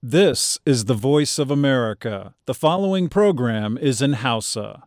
This is the voice of America. The following program is in Hausa.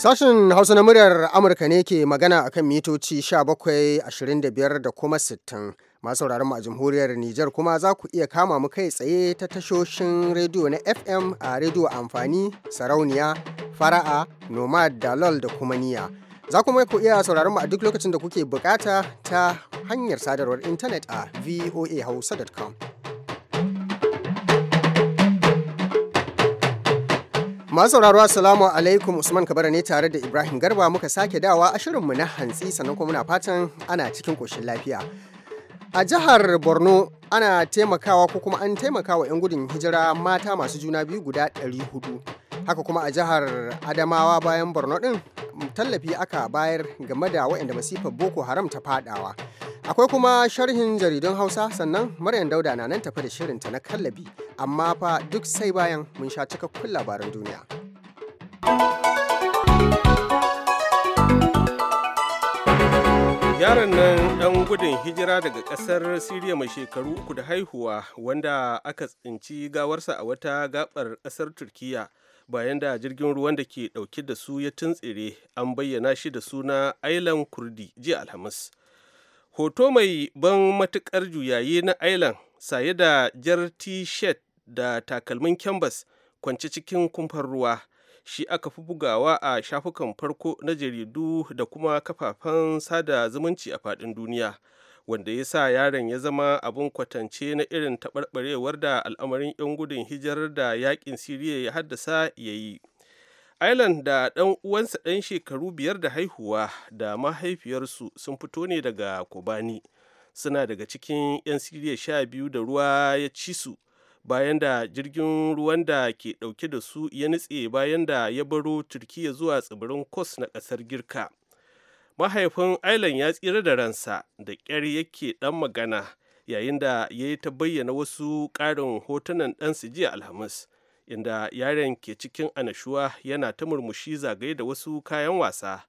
Sashen Hausa na muryar Amurka ne ke magana akan mitoci 17, 25 da kuma 60. masu mu a jamhuriyar Nijar kuma za ku iya kama mu kai tsaye ta tashoshin rediyo na FM a rediyo amfani, sarauniya, fara'a, nomad, dalol da kuma niya. Za kuma ku iya sauraron mu a duk lokacin da kuke bukata ta hanyar sadarwar intanet a voahausa.com. Masu sauraro Assalamu alaikum Usman Kabara ne tare da Ibrahim Garba muka sake dawa a shirinmu na hantsi sannan kuma muna fatan ana cikin koshin lafiya. A jihar Borno ana taimakawa ko kuma an taimakawa 'yan gudun hijira mata masu juna biyu guda 400. haka kuma a jihar adamawa bayan borno din tallafi aka bayar game da waɗanda masifar boko haram ta fadawa akwai kuma sharhin jaridun hausa sannan maryam dauda na nan tafi da shirinta na kallabi amma fa duk sai bayan mun sha cikakkun labaran duniya yaron nan ɗan gudun hijira daga kasar siriya mai shekaru uku da haihuwa wanda aka tsinci gawarsa a wata gabar kasar turkiya bayan da jirgin ruwan da ke dauke da su ya tuntsire an bayyana shi da suna ailan kurdi jiya alhamis hoto mai ban matukar juyayi na ailan saye da jar t-shirt da takalmin canvas kwance cikin kumfar ruwa shi aka fi bugawa a shafukan farko na jaridu da kuma kafafen sada zumunci a faɗin duniya wanda ya sa yaron ya zama abin kwatance na irin taɓarɓarewar da al'amarin 'yan gudun hijirar da yakin siriya ya haddasa ya yi Island da ɗan uwansa ɗan shekaru biyar da haihuwa da mahaifiyarsu sun fito ne daga Kobani. Suna daga cikin 'yan Siriya sha biyu da ruwa ya ci su bayan da jirgin ruwan da ke ɗauke da su ya nutse bayan da ya baro Turkiya zuwa tsibirin Kos na ƙasar Girka. mahaifin Island ya tsira da ransa da ƙyar yake ɗan magana yayin da ya yi ta bayyana wasu ƙarin hotunan ɗansu jiya Alhamis, inda yaren ke cikin anashuwa yana ta murmushi zagaye da wasu kayan wasa.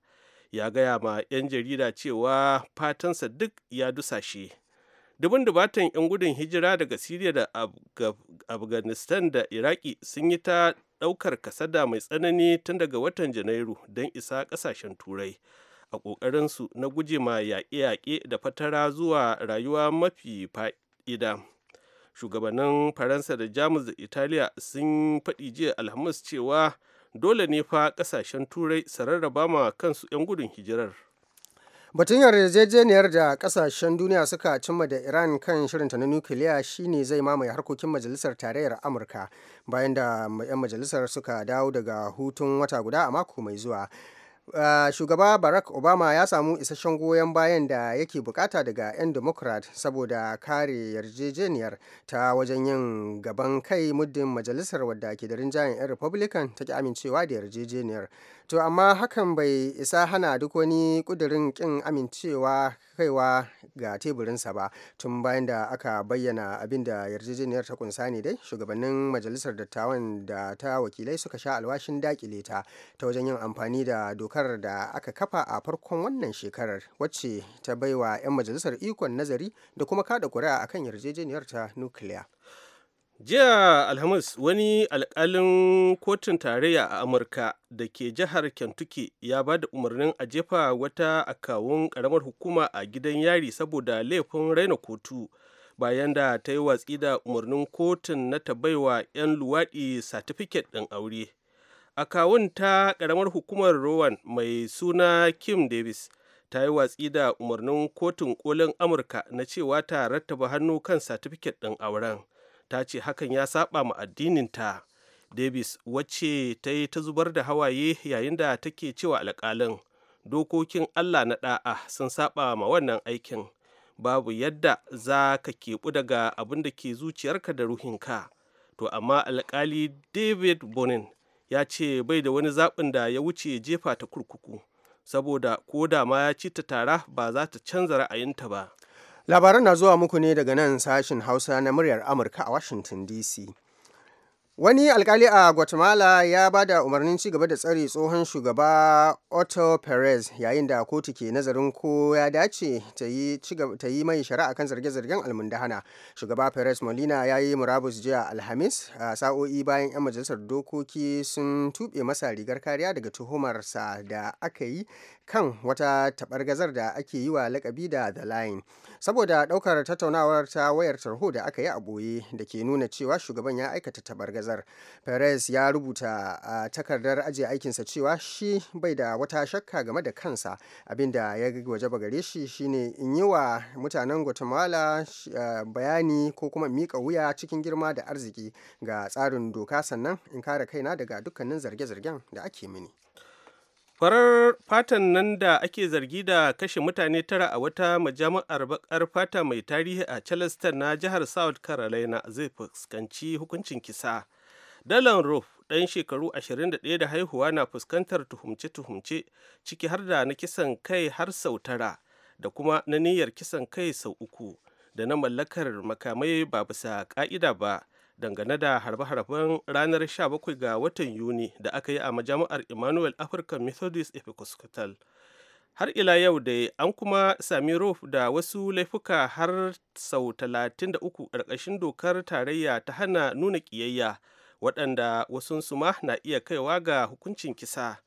Ya gaya ma 'yan jarida cewa fatansa duk ya dusashe. Dubin dubatan 'yan gudun hijira daga Siriya da Afghanistan da Iraki sun yi ta ɗaukar kasada mai tsanani tun daga watan Janairu don isa ƙasashen Turai. a ƙoƙarinsu na guje ma yaƙe-yaƙe da fatara zuwa rayuwa mafi fa'ida shugabannin faransa da jamus da italiya sun faɗi jiya alhamis cewa dole ne fa ƙasashen turai sararraba ma kansu 'yan gudun hijirar batun yarjejeniyar da kasashen duniya suka cimma da iran kan shirinta na nukiliya shine zai mamaye harkokin majalisar tarayyar amurka bayan da 'yan majalisar suka dawo daga hutun wata guda a mako mai zuwa shugaba barack obama ya samu isasshen goyon bayan da yake bukata daga 'yan democrat saboda kare yarjejeniyar ta wajen yin gaban kai muddin majalisar wadda ke da rinjayen 'yan republican ta ki amincewa da yarjejeniyar to amma hakan bai isa hana duk wani ƙudurin ƙin amincewa kaiwa ga teburinsa ba tun bayan da aka bayyana abin da yarjejeniyar ta kunsa ne dai shugabannin majalisar dattawan da ta wakilai suka sha alwashin dakile ta ta wajen yin amfani da dokar da aka kafa a farkon wannan shekarar wacce ta baiwa 'yan majalisar ikon nazari da kuma kada kuri'a akan yarjejeniyar ta nukiliya. jiya alhamis wani alkalin kotun tarayya a amurka da ke jihar kentucky ya ba da umarnin a jefa wata akawun karamar hukuma a gidan yari saboda laifin raina kotu bayan da ta yi watsi da umarnin kotun na tabaiwa 'yan luwaɗi satifiket ɗin aure akawun ta karamar hukumar rowan mai suna kim davis ta yi watsi da umarnin kotun kolin amurka na cewa ta rattaba hannu kan satifiket ɗin auren ta ce hakan ya saba ma addininta davis wacce ta yi ta zubar da hawaye yayin da take cewa alƙalin dokokin allah na ɗa'a sun saba ma wannan aikin babu yadda za ka keɓu daga abin da ke zuciyarka da ruhinka to amma alkali david bonin ya ce bai da wani zaɓin da ya wuce jefa ta kurkuku saboda ko da ma ya ci ta tara ba za ta canza ra'ayinta ba labaran na zuwa muku ne daga nan sashin hausa na muryar amurka a washington dc Wani alkali a Guatemala ya ba da umarnin ci gaba da tsari tsohon shugaba Otto Perez yayin da kotu ke nazarin ko ya dace ta yi mai shari'a kan zarge-zargen almundahana. Shugaba Perez Molina ya yi murabus jiya Alhamis a sa'o'i bayan 'yan majalisar dokoki sun tuɓe masa rigar kariya daga tuhumarsa da aka yi kan wata tabargazar da ake yi wa lakabi da The Line. Saboda ɗaukar tattaunawar ta wayar tarho da aka yi a ɓoye da ke nuna cewa shugaban ya aikata tabargazar ta'azar perez ya rubuta a takardar ajiye aikinsa cewa shi bai da wata shakka game da kansa abinda ya wajaba gare shi shine in yi wa mutanen guatemala eh, bayani ko kuma miƙa wuya cikin girma da arziki ga tsarin doka sannan in kare kaina daga dukkanin zarge-zargen da ake mini farar fatan nan da ake zargi da kashe mutane tara a wata majami'ar bakar fata mai tarihi a charleston na jihar south carolina zai fuskanci hukuncin kisa Dalan Roof ɗan shekaru 21 da haihuwa na fuskantar tuhumce-tuhumce ciki har da na kisan kai har sau tara da kuma na niyyar kisan kai sau uku da na mallakar makamai ba bisa ka'ida ba dangane da harbe-harben ranar 17 ga watan Yuni da aka yi a majami'ar Emmanuel African Methodist Episcopal. har ila yau da an kuma sami Roof da wasu laifuka har sau 33 ƙarƙashin dokar tarayya ta hana nuna ƙiyayya waɗanda wasunsu ma na iya kaiwa ga hukuncin kisa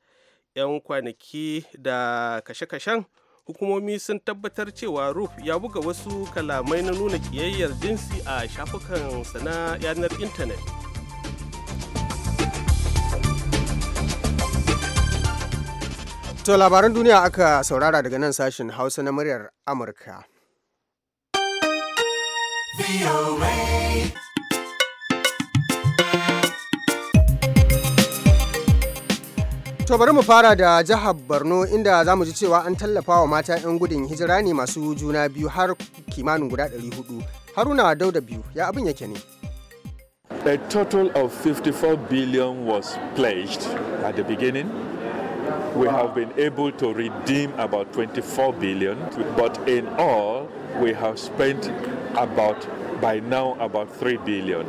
'yan kwanaki da kashe-kashen hukumomi sun tabbatar cewa ruf ya buga wasu kalamai na nuna ƙiyayyar jinsi a shafukan na yanar intanet To labaran duniya aka saurara daga nan sashen Hausa na muryar Amurka. To bari mu fara da jihar Borno inda za mu ji cewa an tallafa wa mata 'yan gudun hijira ne masu juna biyu har kimanin guda 400. Haruna Dauda biyu ya abin yake ne. A total of 54 billion was pledged at the beginning. We have been able to redeem about 24 billion, but in all, we have spent about by now about 3 billion.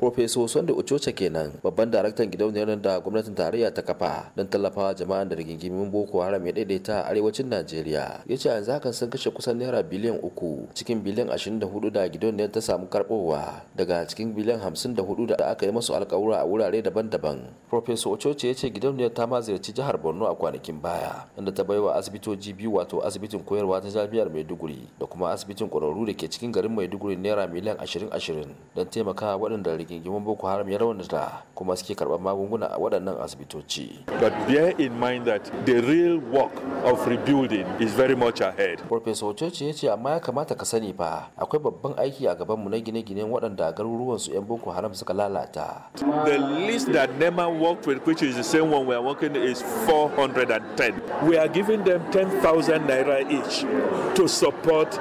Profeso Sunday Ochocha kenan babban daraktan gidauniyar da gwamnatin tarayya ta kafa don tallafawa jama'an da rigingimin Boko Haram ya daidaita a arewacin Najeriya. Ya ce yanzu hakan sun kashe kusan naira biliyan uku cikin biliyan ashirin da hudu da gidauniyar ta samu karbowa daga cikin biliyan hamsin da hudu da aka yi masu alkawura a wurare daban-daban. Profeso Ochocha ya ce gidauniyar ta ma ziyarci jihar Borno a kwanakin baya inda ta baiwa asibitoci biyu wato asibitin koyarwa ta jami'ar Maiduguri da kuma asibitin ƙwararru da ke cikin garin Maiduguri naira miliyan ashirin ashirin don taimakawa waɗanda rigingimun boko haram ya da kuma suke karban magunguna a waɗannan asibitoci but bear in mind that the real work of rebuilding is very much ahead professor ochochi ya ce amma ya kamata ka sani fa akwai babban aiki a gaban mu na gine-ginen waɗanda garuruwan su 'yan boko haram suka lalata the list that nema worked with which is the same one we are working is 410 we are giving them 10,000 naira each to support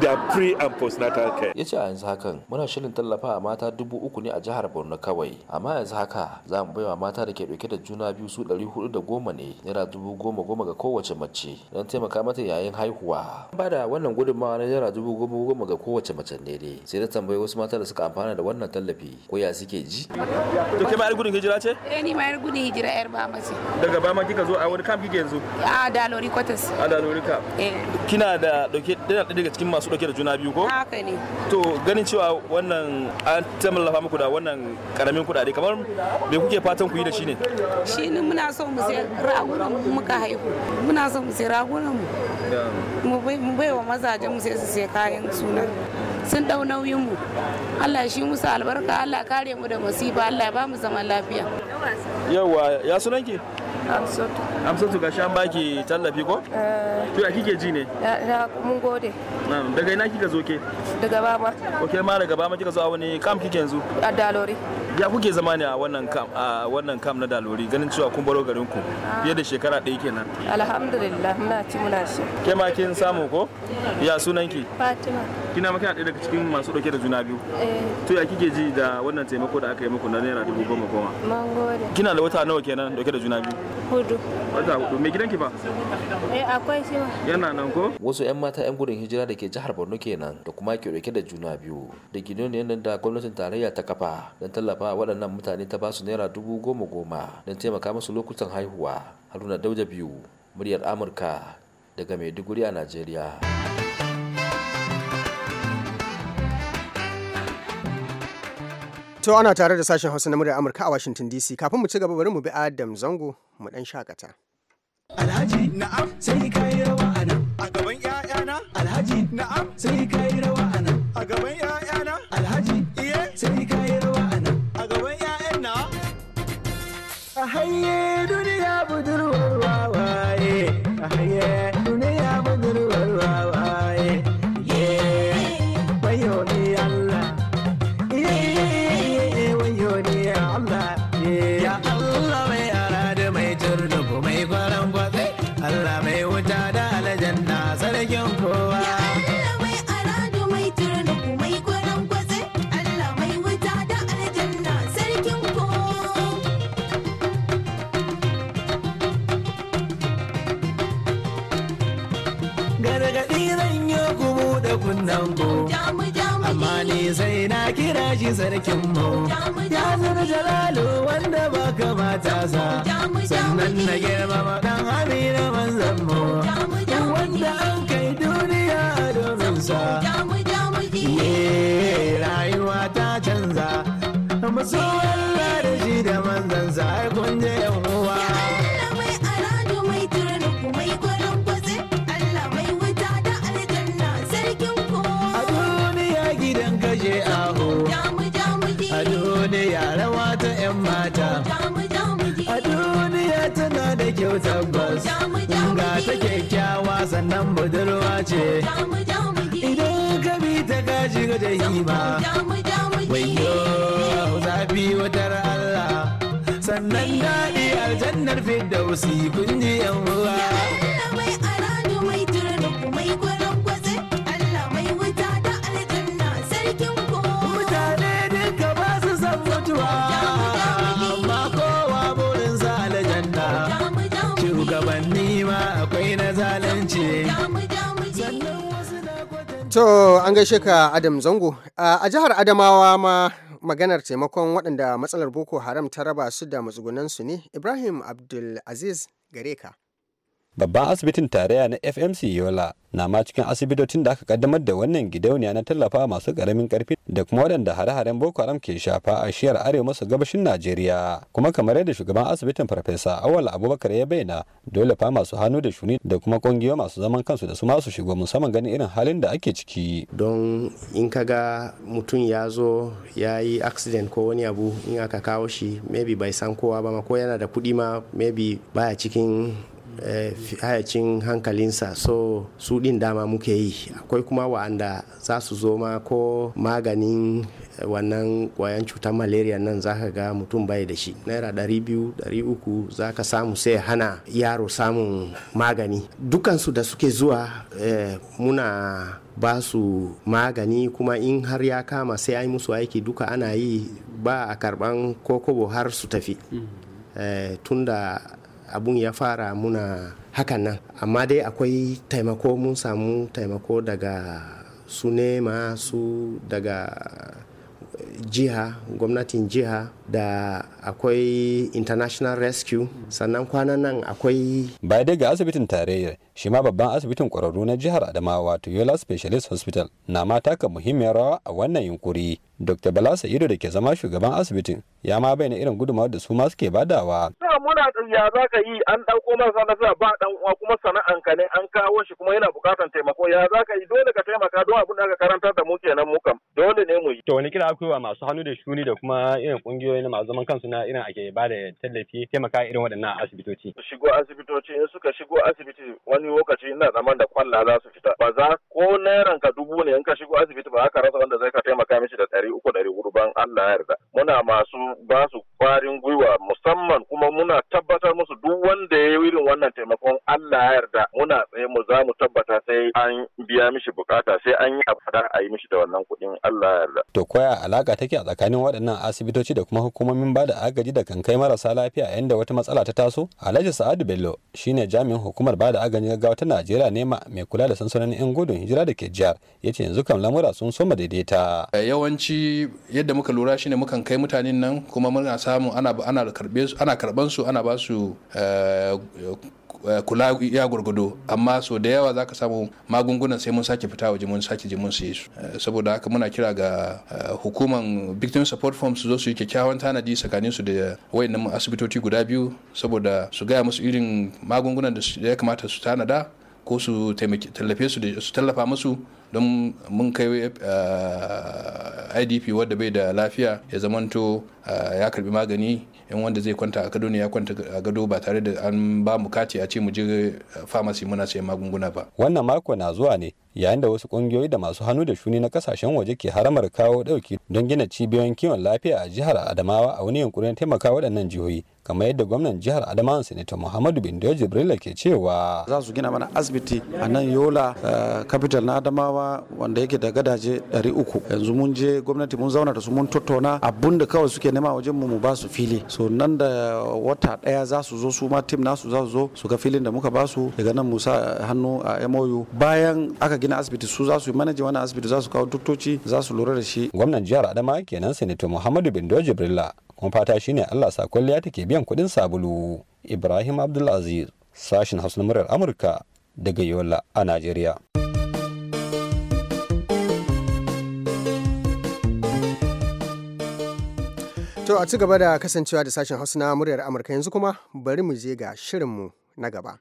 their pre and postnatal care ya ce a yanzu hakan muna shirin tallafa a mata dubu uku ne a jihar borno kawai amma yanzu haka za mu baiwa mata da ke dauke da juna biyu su ɗari hudu da goma ne naira dubu goma goma ga kowace mace don taimaka mata yayin haihuwa ba da wannan gudunmawa na naira dubu goma goma ga kowace mace ne dai sai na tambayi wasu mata da suka amfana da wannan tallafi ko ya suke ji to kai ma yar gudun hijira ce eh ni ma yar gudun hijira yar ma ce daga bama kika zo a wani kam kike yanzu a lori quarters a lori ka eh kina da dauke daga cikin masu dauke da juna biyu ko haka ne to ganin cewa wannan an tallafa muku da da wannan karamin kuɗaɗe kamar me kuke fatan ku yi da shi ne shi ne muna so mu sai ragunan muka haihu muna so mu sai ragunan mu mu bai wa mazajen mu sai su sai kayan suna. sun dau nauyin mu Allah shi musu albarka Allah kare mu da masifa Allah ba mu zaman lafiya yawa ya sunan ki? Amsatu. Amsatu sha an baki tallafi ko? Eh. To ya kike ji ne? ya mun gode. Daga ina kika zo ke? Daga Bama. Ok ma daga Bama kika zo a wani kam kike yanzu? A Dalori. Ya kuke zama ne a wannan kam a wannan kam na Dalori ganin cewa kun baro garin ku ah. fiye da shekara ɗaya kenan. Alhamdulillah muna ci muna shi. Ke ma kin samu ko? Ya sunan ki? Fatima. kina maka ɗaya daga cikin masu ɗauke da juna biyu eh. to ya kike ji da wannan taimako da aka yi muku na naira dubu goma goma kina da wata nawa kenan ɗauke da juna biyu hudu wata hudu mai gidanki fa eh akwai shi yana nan ko wasu yan mata yan gudun hijira da ke jihar Borno kenan da kuma ke ɗauke da juna biyu da gidauniyar nan da gwamnatin tarayya ta kafa don tallafa waɗannan mutane ta basu naira dubu goma goma don taimaka musu lokutan haihuwa haruna dauja biyu muryar amurka daga maiduguri a najeriya To ana tare da sashen Hausa na muryar Amurka a Washington DC kafin mu ci gaba bari mu bi Adam Zango mu dan shakata. Alhaji na'am sai kai rawa a a gaban ƴaƴana Alhaji na'am sai kai rawa a a gaban ƴaƴana Alhaji iye sai kai rawa a a gaban ƴaƴan na. A haye duniya mulkinmu ya zuru jalalu wanda ba kamata sa sannan na girmama dan amina manzanmu wanda an kai duniya a domin sa rayuwa ta canza masu Allah da shi da manzansa ai kun je yau tabbas ga ta kyakkyawa sannan budurwa ce idan ka bi ta gaji ga jahima wayo zafi watar Allah sannan daɗi aljannar fidausi kun ji yan uwa To an gaishe ka Adam Zango. A jihar Adamawa ma maganar taimakon waɗanda matsalar Boko Haram ta raba su da matsugunansu ne, Ibrahim Abdulaziz gare ka. babban asibitin tarayya na fmc yola na ma cikin asibitocin da aka kaddamar da wannan gidauniya na tallafa masu karamin karfi da kuma waɗanda hare-haren boko haram ke shafa a shiyar arewa maso gabashin najeriya kuma kamar yadda shugaban asibitin farfesa awal abubakar ya bayyana dole fa masu hannu da shuni da kuma kungiyo masu zaman kansu da su masu shigo musamman ganin irin halin da ake ciki don in ka ga mutum ya zo ya yi accident ko wani abu in aka kawo shi maybe bai san kowa ba ma ko yana da kuɗi ma maybe baya cikin Eh, hayacin hankalinsa so su ɗin dama muke yi akwai kuma wa'anda za su zo ma ko maganin eh, wannan kwayan cutar malaria nan za ka ga mutum bai da shi naira ɗari biyu dari uku za ka samu sai hana yaro samun magani dukansu da suke zuwa eh, muna ba su magani kuma in har ya kama sai ai musu aiki duka ana yi ba a karban kokobo har su tafi mm. tunda abun ya fara muna hakan nan amma dai akwai taimako mun samu taimako daga su nema su daga eh, jiha gwamnatin jiha da akwai international rescue sannan kwanan nan akwai bai daga asibitin tarayyar shi ma babban asibitin kwararru na jihar adamawa to yola specialist hospital na ma taka muhimmiyar rawa a wannan yunkuri dr bala sa'ido da ke zama shugaban asibitin ya ma bayyana irin gudunmawar da su ma suke badawa muna ya za ka yi an ɗauko marasa sa ba dan uwa kuma sana'an ka an kawo shi kuma yana buƙatar taimako ya za ka yi dole ka taimaka don abin da aka karantar da mu kenan mu kam dole ne mu yi to wani kira akwai wa masu hannu da shuni da kuma irin kungiyoyi na masu zaman kansu na irin ake ba da tallafi taimaka irin waɗannan asibitoci shigo asibitoci in suka shigo asibiti wani wani lokaci ina zaman da kwalla za su fita ba za ko nairan ka dubu ne in ka shigo asibiti ba ka rasa wanda zai ka taimaka mishi da ɗari uku ɗari huɗu ban Allah yarda muna masu ba su kwarin gwiwa musamman kuma muna tabbatar musu duk wanda ya yi irin wannan taimakon Allah ya yarda muna tsaye mu za mu tabbata sai an biya mishi bukata sai an yi abada a yi mishi da wannan kuɗin Allah yarda. To koya alaka take a tsakanin waɗannan asibitoci da kuma hukumomin ba da agaji da kan kai marasa lafiya yayin wata matsala ta taso? Alhaji Sa'adu Bello shine jami'in hukumar ba da agaji gaggawa ta najeriya nema mai kula da sansanonin 'yan gudun hijira da ke jihar ya ce yanzu kan lamura sun soma daidaita eh, yawanci yadda muka lura shine mukan kai mutanen nan kuma muna samu ana karɓan su ana ba su eh, Eh, kula ya gurgudo amma so da yawa za ka samu magungunan sai mun sake fita waje mun sake je mun siye su eh, saboda haka muna kira ga eh, hukuman victim support form su zo su yi kyakkyawan tanadi tsakanin su da wayannan asibitoci guda biyu saboda su gaya musu irin magungunan da ya kamata su tanada ko su tallafe su su tallafa musu don mun kai idp wadda bai da lafiya ya zamanto ya karbi magani yan wanda zai kwanta a gado ne ya kwanta a gado ba tare da an ba mu kati a ce mu je famasi muna sayan magunguna ba wannan mako na zuwa ne yayin da wasu kungiyoyi da masu hannu da shuni na kasashen waje ke haramar kawo dauki don gina cibiyoyin kiwon lafiya a jihar Adamawa a wani yunkurin taimaka waɗannan jihohi kamar yadda gwamnan jihar adamawa senator muhammadu bindo jibrila ke cewa za su gina mana asibiti a nan yola eh, capital na adamawa wanda yake da gadaje uku. yanzu mun je gwamnati mun zauna da su mun tattauna abun da kawai suke nema wajen mu ba su fili so nan da wata daya za su zo su ma tim nasu za su zo su ga filin da muka ba su daga nan musa hannu a mou bayan aka gina asibiti su zasu su yi manaje wani asibiti za su kawo doktoci za su lura da shi gwamnan jihar adama kenan sanato muhammadu bindo jibrilla kuma fata shi ne allah sa liya take biyan kuɗin sabulu ibrahim abdulaziz sashin hausa muryar amurka daga yola a najeriya To a ci gaba da kasancewa da sashen Hausa na muryar Amurka yanzu kuma bari mu je ga shirinmu na gaba.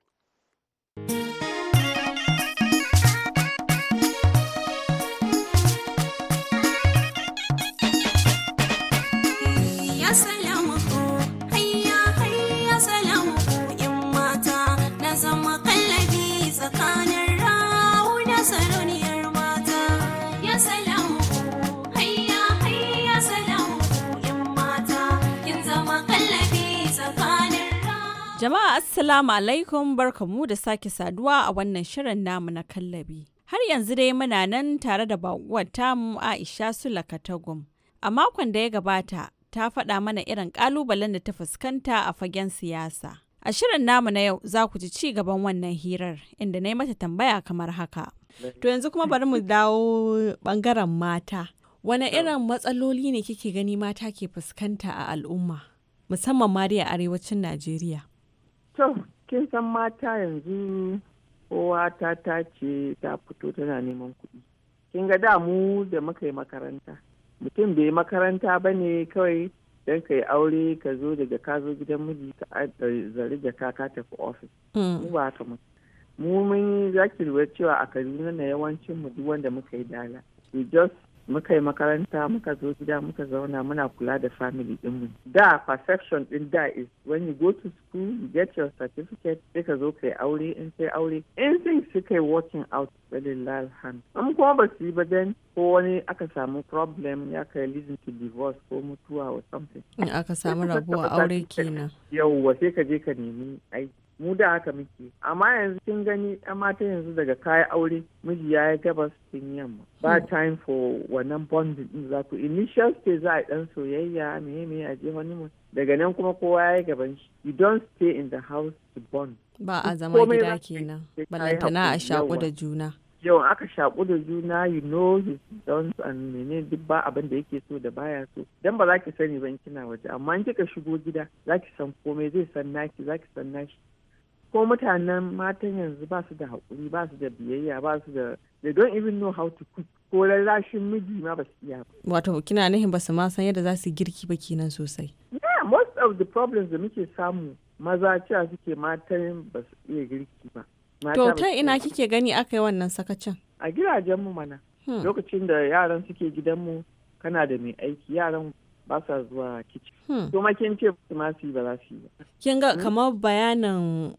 Jama'a Assalamu alaikum barkamu da sake saduwa a wannan shirin namu na kallabi. Har yanzu dai muna nan tare da baƙuwar tamu Aisha Sula Katagum. A makon da ya gabata ta faɗa mana irin ƙalubalen da ta fuskanta a fagen siyasa. A shirin namu na yau za ku ji ci gaban wannan hirar inda na yi mata tambaya kamar haka. To yanzu kuma bari mu dawo ɓangaren mata. Wane irin matsaloli ne kike gani mata ke fuskanta a al'umma musamman ma a arewacin Najeriya? to kin san mata yanzu kowa ta ta ce ta fito tana neman kuɗi kin ga da mu da muka yi makaranta mutum bai makaranta ba ne kawai don ka yi aure ka zo daga ka zo gidan miji ka zari da ka ka tafi ofis hmm. mu ba haka mu mu mun za ki lura cewa a kaduna na yawancin mu duk wanda muka yi dala we just muka yi makaranta muka zo gida muka zauna muna kula da family dinmu da perception din da is when you go to school you get your certificate sai ka zo kai aure in sai aure in things sai kai working out walillah hand in kuma ba su yi ba then ko wani aka samu problem ya kai leading to divorce ko mutuwa or something in aka samu rabuwa aure kenan yauwa sai ka je ka nemi aiki mu da haka muke amma yanzu kin gani ɗan mata yanzu daga kaya aure miji ya yi gabas kin yamma ba hmm. time for wannan bonding din za ku initial stage za a dan soyayya meye meye a je honeymoon daga nan kuma kowa ya yi gaban shi you don't stay in the house to bond ba a zama gida kenan balantana a shaƙu da juna yau aka shaku da juna you know his don't and mene duk ba abin da yake so da baya so dan ba za ki sani ban kina waje amma in kika shigo gida za ki san komai zai san naki za ki san nashi ko mutanen matan yanzu ba su da haƙuri ba su da biyayya ba su da they don't even know how to cook ko rarrashin miji ma ba su iya wato kina nihin ba su ma san yadda za su girki ba kenan sosai yeah most of the problems da muke samu maza cewa suke matan ba su iya girki ba to ina kike gani aka yi wannan sakacin a gidajen mu mana hmm. lokacin da yaran suke gidan mu, kana da mai aiki yaran ba sa zuwa kici. Hmm. ma kin ce ba su ba za su yi ba. Kin ga hmm? kamar bayanin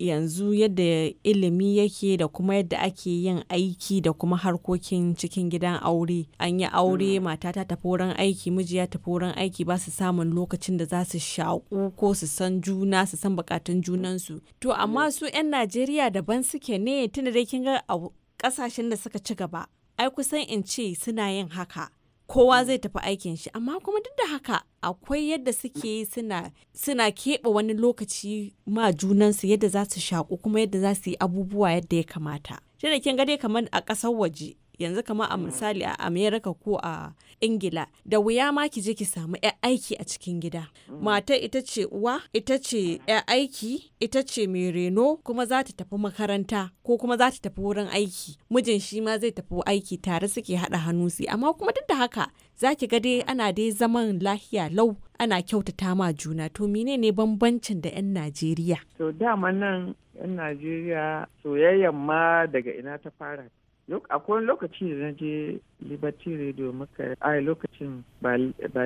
yanzu yadda ilimi yake da kuma yadda ake yin aiki da kuma harkokin cikin gidan aure an yi aure hmm. mata ta tafi wurin aiki miji ya tafi wurin aiki ba su samun lokacin da za su shaƙu ko su san juna su san bukatun junansu to amma su 'yan najeriya daban suke ne tunda dai kin ga a kasashen da suka ci gaba ai kusan in ce suna yin haka kowa zai tafi aikin shi amma kuma duk da haka akwai yadda suke suna suna keɓe wani lokaci ma junansu yadda za su shaƙo kuma yadda za su yi abubuwa yadda ya kamata shi da kin ga dai kamar a ƙasar waje yanzu kama a mm. misali a america ko a ingila da wuya ma ki je ki samu 'yar aiki a cikin gida mm. mata ita ce uwa ita ce 'yar aiki ita ce mai reno kuma za ta tafi makaranta ko kuma za ta tafi wurin aiki mijin shi ma zai tafi aiki tare suke haɗa hannu su amma kuma duk da haka za ki ga dai ana dai zaman lahiya lau ana kyautata ma juna to menene bambancin da 'yan najeriya to dama nan 'yan najeriya soyayyar ma daga ina ta fara akwai lokaci da na je liberty radio muka ai lokacin ba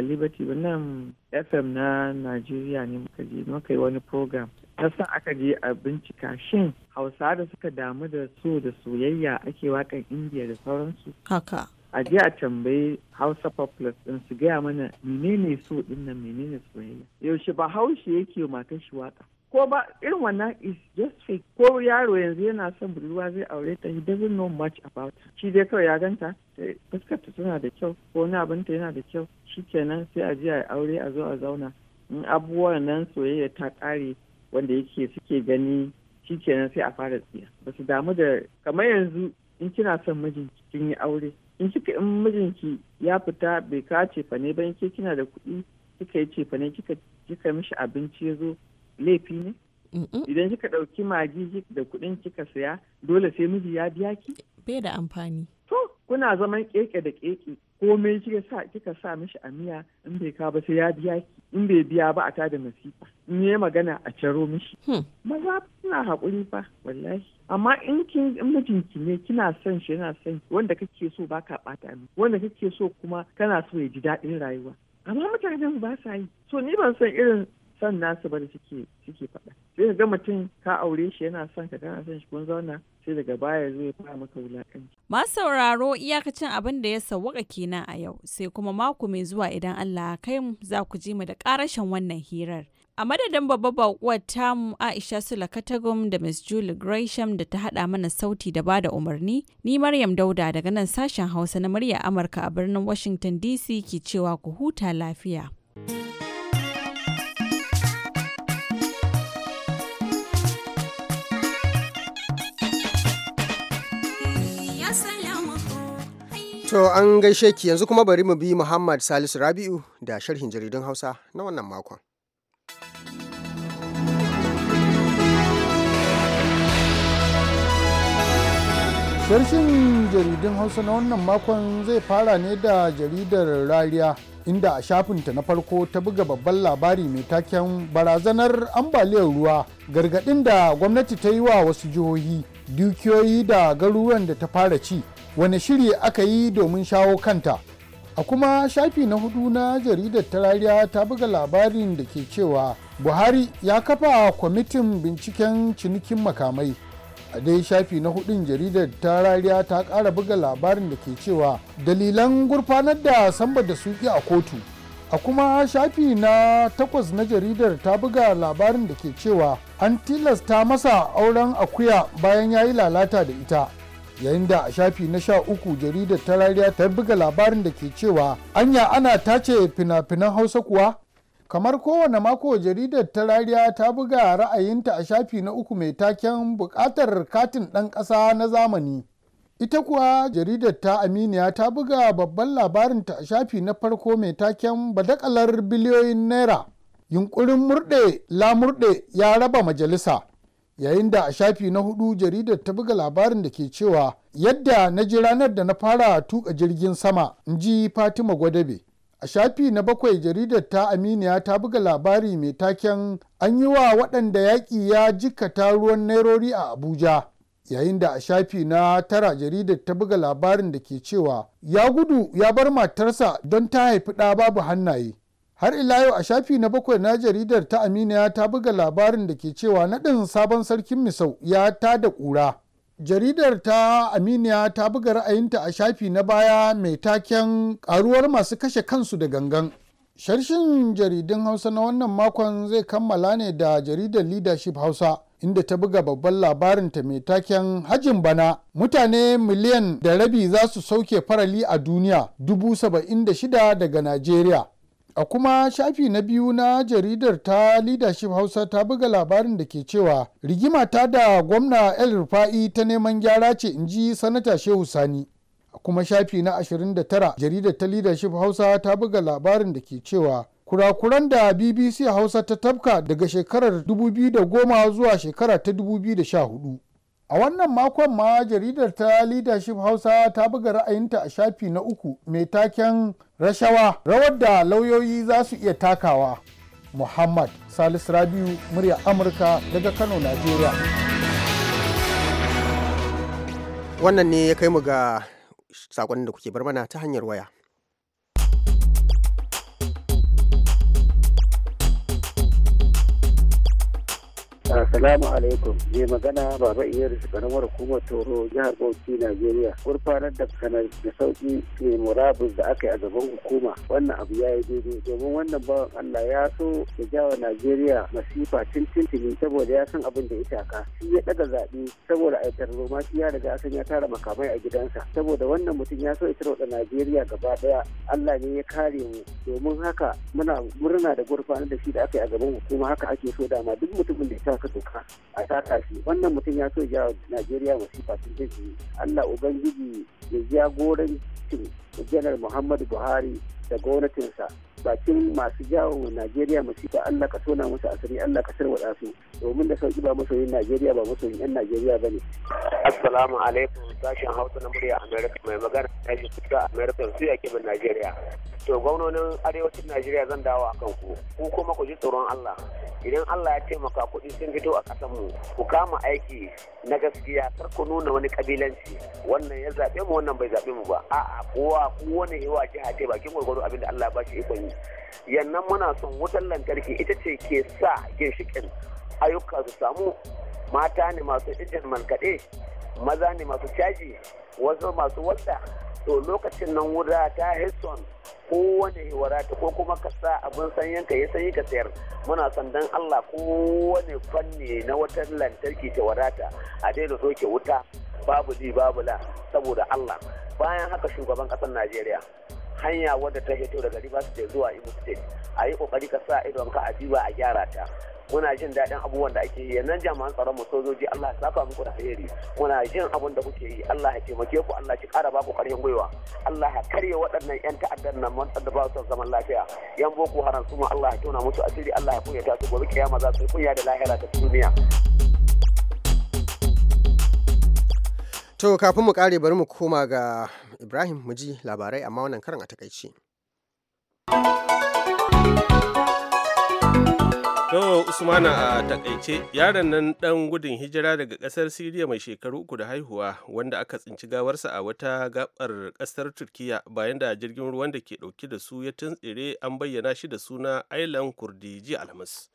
liberty ba nan fm na nigeria ne muka je muka yi wani program Ta san aka je a bincika shin hausa da suka damu da so da soyayya ake wakan indiya da sauransu haka a je a tambayi hausa populars din su gaya mana menene so din nan menene soyayya yaushe ba haushe yake mata shi waka ko ba irin wannan is just fake ko yaro yanzu yana son budurwa zai aure ta he doesn't know much about shi dai kawai ya ganta da ta tana da kyau ko wani abin ta yana da kyau kenan sai a je a aure a zo a zauna in abubuwan nan soyayya ta kare wanda yake suke gani kenan sai a fara tsiya ba su damu da kamar yanzu in kina son mijinki kin yi aure in kika in mijinki ya fita bai kace fa ne ba in kina da kuɗi kika yi cefa ne kika kika mishi abinci ya zo laifi ne idan kika ɗauki magi da kuɗin kika saya dole sai miji ya biya ki bai da amfani to kuna zaman keke da keke komai kika sa kika sa mishi a miya in bai ka ba sai ya biya ki in bai biya ba a ta da masifa in yi magana a caro mishi hmm. maza suna haƙuri fa wallahi amma in kin ki ne kina son shi yana son wanda kake so baka ɓata ni wanda kake so kuma kana so ya ji daɗin rayuwa amma mutanen ba sa yi so ni ban san irin son nasu ba da suke suke faɗa sai ka ga mutum ka aure shi yana son ka kana son shi kun zauna sai daga baya zai fara maka wulaƙanci. masu sauraro iyakacin abin da ya sawwaka kenan a yau sai kuma mako mai zuwa idan Allah kai mu za ku ji mu da ƙarashin wannan hirar. A madadin babbar baƙuwar tamu Aisha Sula da Miss Julie Gresham da ta haɗa mana sauti da bada umarni, ni Maryam Dauda daga nan sashen Hausa na murya Amurka a birnin Washington DC ke cewa ku huta lafiya. To an gaishe ki yanzu kuma bari mu bi Muhammad Salisu Rabi'u da sharhin jaridun Hausa na wannan makon. Sharshin jaridun Hausa na wannan makon zai fara ne da jaridar Rariya inda a shafinta na farko ta buga babban labari mai taken barazanar ambaliyar ruwa gargaɗin da gwamnati ta yi wa wasu jihohi dukiyoyi da garuruwan da ta fara ci Wani shiri aka yi domin shawo kanta a kuma shafi na hudu na jaridar tarariya ta buga labarin da ke cewa buhari ya kafa kwamitin binciken cinikin makamai a dai shafi na hudun jaridar tarariya ta kara buga labarin da ke cewa dalilan gurfanar da samba da suki a kotu a kuma shafi na takwas na jaridar ta buga labarin da ke cewa an tilasta masa auren akuya bayan ya yi lalata da ita yayin da a shafi na sha uku jaridar tarariya ta buga labarin da ke cewa anya ana tace fina-finan hausa kuwa kamar kowane mako jaridar tarariya ta buga ra'ayinta a shafi na uku mai taken buƙatar katin ɗan ƙasa na zamani ita kuwa jaridar ta aminiya ta buga babban labarinta a shafi na farko mai taken badakalar biliyoyin naira yunkurin murɗe lamurɗe ya raba majalisa yayin da a shafi na hudu jaridar ta buga labarin da ke cewa yadda na ji ranar da na fara tuka jirgin sama in ji fatima gwadabe a shafi na bakwai jaridar ta aminiya ta buga labari mai taken an yi wa waɗanda yaƙi ya jikata ruwan nairori a abuja yayin da a shafi na tara jaridar ta buga labarin da ke cewa ya gudu ya bar matarsa don ta haifi ɗa babu hannaye har ila yau a shafi na bakwai na jaridar ta aminiya ta buga labarin da ke cewa naɗin sabon sarkin misau ya ta da ƙura jaridar ta aminiya ta buga ra'ayinta a shafi na baya mai taken karuwar masu kashe kansu da gangan sharshin jaridun hausa na wannan makon zai kammala ne da jaridar leadership hausa inda ta buga babban labarinta mai taken hajin bana mutane miliyan da rabi za su sauke farali a duniya dubu saba'in da shida daga najeriya A kuma shafi na biyu na jaridar ta Leadership Hausa ta buga labarin da ke cewa rigima ta da gwamna El Rufa'i ta neman gyara ce in ji sanata Shehu Sani. A kuma shafi na 29 jaridar ta Leadership Hausa ta buga labarin da ke cewa kurakuran da BBC Hausa ta tafka daga shekarar 2010 zuwa shekara ta 2014. A wannan makon ma jaridar ta Leadership Hausa ta buga ra'ayinta a shafi na uku mai taken rashawa rawar da lauyoyi za su iya takawa. Muhammad Salis Rabiu murya Amurka daga Kano, Najeriya. Wannan ne ya kai mu ga sakonnin da kuke bar mana ta hanyar waya. Salamu alaikum. Mai magana Baba da karamar hukumar Toro jihar Bauchi Najeriya. Gurfanar da sanar da sauki mai murabus da aka yi a gaban hukuma. Wannan abu ya yi daidai domin wannan bawan Allah ya so ya jawa Najeriya masifa tintintini saboda ya san abin da ya taka. Shi ya daga zaɓe saboda a tarzoma shi ya riga san ya tara makamai a gidansa. Saboda wannan mutum ya so ya da Najeriya gaba ɗaya. Allah ne ya kare mu domin haka muna murna da gurfanar da shi da aka yi a gaban hukuma haka ake so dama duk mutumin da ya taka haka a sata shi wannan mutum ya so ya najeriya wasifa sun ce allah ubangiji ya cin janar muhammadu buhari da gwamnatinsa bakin masu jawo Najeriya masifa Allah ka tona musu asiri Allah ka tarwada su domin da sauki ba masoyin Najeriya ba masoyin yan Najeriya bane Assalamu alaikum sashen Hausa na murya America mai magana sashen Kusa America su yake ban Najeriya to gwamnonin arewacin Najeriya zan dawo akan ku ku kuma ku ji tsoron Allah idan Allah ya taimaka kuɗi sun fito a ƙasar mu ku kama aiki na gaskiya kar ku nuna wani kabilanci wannan ya zaɓe mu wannan bai zaɓe mu ba a'a kowa wani yawa jiha ce bakin gwargwado abin da Allah ya bashi ikon yi yannan muna son wutar lantarki ita ce ke sa ginshikin ayyuka su samu mata ne masu injin malkaɗe maza ne masu caji wasu masu wadda to lokacin nan wuda ta hesson kowane ta ko kuma ka sa abin sanyin ka ya sanyi ka sayar muna son dan Allah kowane fanni na wutar lantarki ta wadata a daina soke wuta babu ji babu la saboda Allah bayan haka shugaban ƙasar Najeriya hanya wadda ta hito daga rivers state zuwa imo state a yi kokari ka sa idon ka a diba a gyara ta muna jin daɗin abubuwan da ake yi nan jami'an tsaron mu sojoji Allah ya saka muku da alheri muna jin abun da kuke yi Allah ya taimake ku Allah ya ƙara ba ku ƙarfin gwiwa Allah ya karye waɗannan ƴan ta'addan nan man da ba su zaman lafiya yan boko haram su ma Allah ya tona musu asiri Allah ya kunyata su gobe kiyama za su kunya da lahira ta duniya to kafin mu kare bari mu koma ga Ibrahim mu ji labarai amma wannan karin a takaice. To Usmana a takaice yaron nan dan gudun hijira daga kasar Siriya mai shekaru uku da haihuwa wanda aka tsinci gawarsa a wata gabar kasar Turkiya bayan da jirgin ruwan da ke dauke da su ya tuntsire an bayyana shi da suna Ailan Kurdi jiya Alhamis.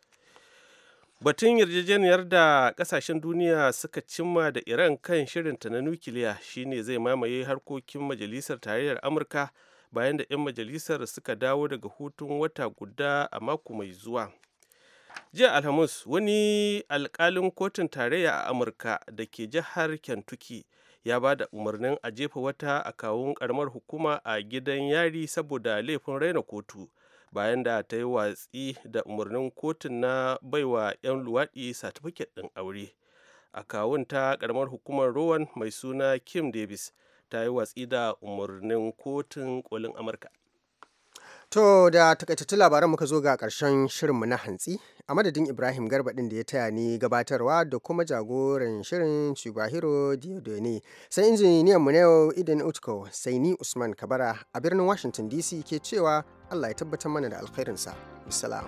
batun yarjejeniyar da kasashen duniya suka cimma da iran kan shirinta na nukiliya shine zai mamaye harkokin majalisar tarayyar amurka bayan da 'yan majalisar suka dawo daga hutun wata guda a mako mai zuwa jiya alhamis wani alkalin kotun tarayya a amurka da ke jihar kentucky ya ba da umarnin a jefa wata a kawun karamar hukuma a gidan yari saboda laifin raina kotu bayan da ta yi watsi da umarnin kotun na baiwa 'yan luwaɗi satifiket ɗin aure a kawun ta karamar hukumar rowan mai suna kim davis ta yi watsi da umarnin kotun kolin amurka To da takaitattun labaran muka zo ga ƙarshen shirinmu na hantsi a madadin Ibrahim garbaɗin da ya taya ni gabatarwa da kuma jagoran shirin Shubahiro Diodone sai injiniyan mu na yau Idan Utko sai ni Usman Kabara a birnin Washington DC ke cewa Allah ya tabbatar mana da alkhairinsa. Assalamu.